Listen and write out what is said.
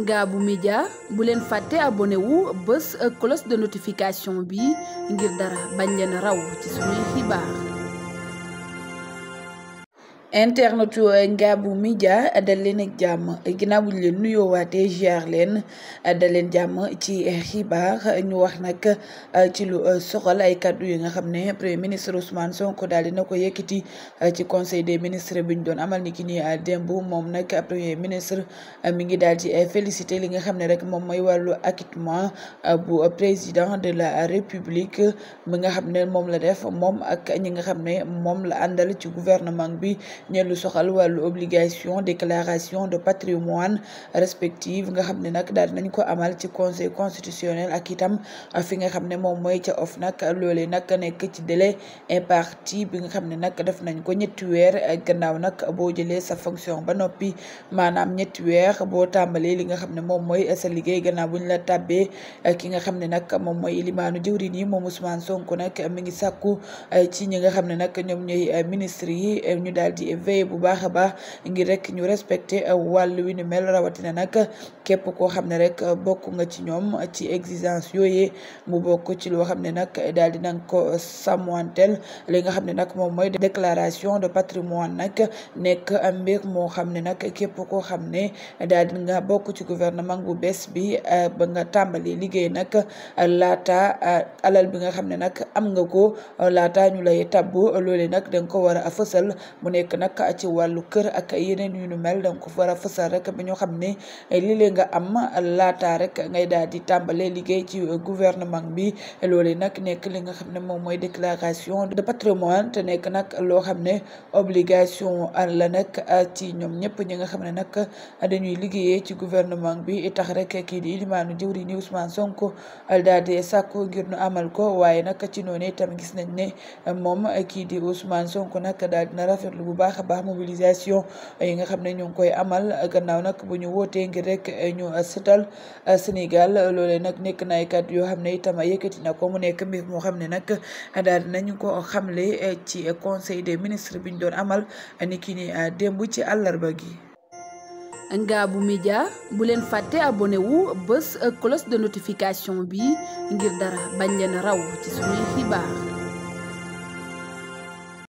bu Média bu leen fàtte abonné wu bés close de notification bi ngir dara bañ leen raw ci suñuy xibaar internetu eh, Ngabou midia eh, dal leen ak jàmm ginnaaw buñ leen nuyoowaatee ziar leen eh, dal leen jàmm ci xibaar ñu wax nag ci lu soxal ay kaddu yi nga xam ne premier ministre Ousmane Sonko daal dina ko yëkkati ci conseil des ministres bi ñu doon amal ni ki ni démb moom nag premier ministre mi ngi daal ci félicité li nga xam ne rek moom mooy wàllu acquittement bu président de la république mi nga xam ne moom la def moom ak ñi nga xam ne moom la àndal ci gouvernement bi. ñeen lu soxal wàllu obligation déclaration de patrimoine respective nga xam ne nag daal nañ ko amal ci conseil constitutionnel ak itam fi nga xam ne moom mooy ca of nag loolee nag nekk ci délai imparti bi nga xam ne nag def nañ ko ñetti weer gannaaw nag boo jëlee sa fonction ba noppi maanaam ñetti weer boo tàmbalee li nga xam ne moom mooy sa liggéey gannaaw bu ñu la tàbbee ki nga xam ne nag moom mooy limaanu jëwriñ yi moom Ousmane sonk nag mi ngi sàkku ci ñi nga xam ne nag ñoom ñooy ministre yi ñu daal veye bu baax a baax ngir rek ñu respecté euh, wàllu wi ni mel rawatina nag képp koo xam ne rek bokk nga ci ñoom ci exigence yooyee mu bokk ci loo xam ne nag daal di nang ko sàmmanteel li nga xam ne nag moom mooy déclaration de patrimoine nag nekk mbir moo xam ne nag képp koo xam ne daal di nga bokk ci gouvernement bu bes bi euh, ba nga tàmbali liggéey nag laata euh, alal bi nga xam ne nag am nga ko laata ñu lay tabbu loolee nag da nga ko war a fësal mu nekk nag ci wàllu kër ak yeneen yu nu mel danga ko war a fësal rek ba ñu xam ne daal di tàmbalee liggéey ci gouvernement bi loolee nag nekk li nga xam ne moom mooy déclaration de patrimoine te nekk nag loo xam ne obligation la nag ci ñoom ñëpp ñi nga xam ne nag dañuy liggéeyee ci gouvernement bi tax rek kii di ilimaanu jëwriñ ni Ousmane Sonko daal di ko waaye bu baax a baax yi nga xam ne ñu ngi koy amal gannaaw nag bu ñu wootee ngir rek ñu setal Sénégal loolee nag nekk na ay kàddu yoo xam ne itam yëkkati na ko mu nekk mbir moo xam ne nag daal nañu ko xamle ci conseil des ministres bi ñu doon amal ni ki ni démb ci àllarba gi. Ngaabu Média bu leen fàtte abonewu wu bés cloche de notification bi ngir dara bañ leen raw ci suñuy xibaar.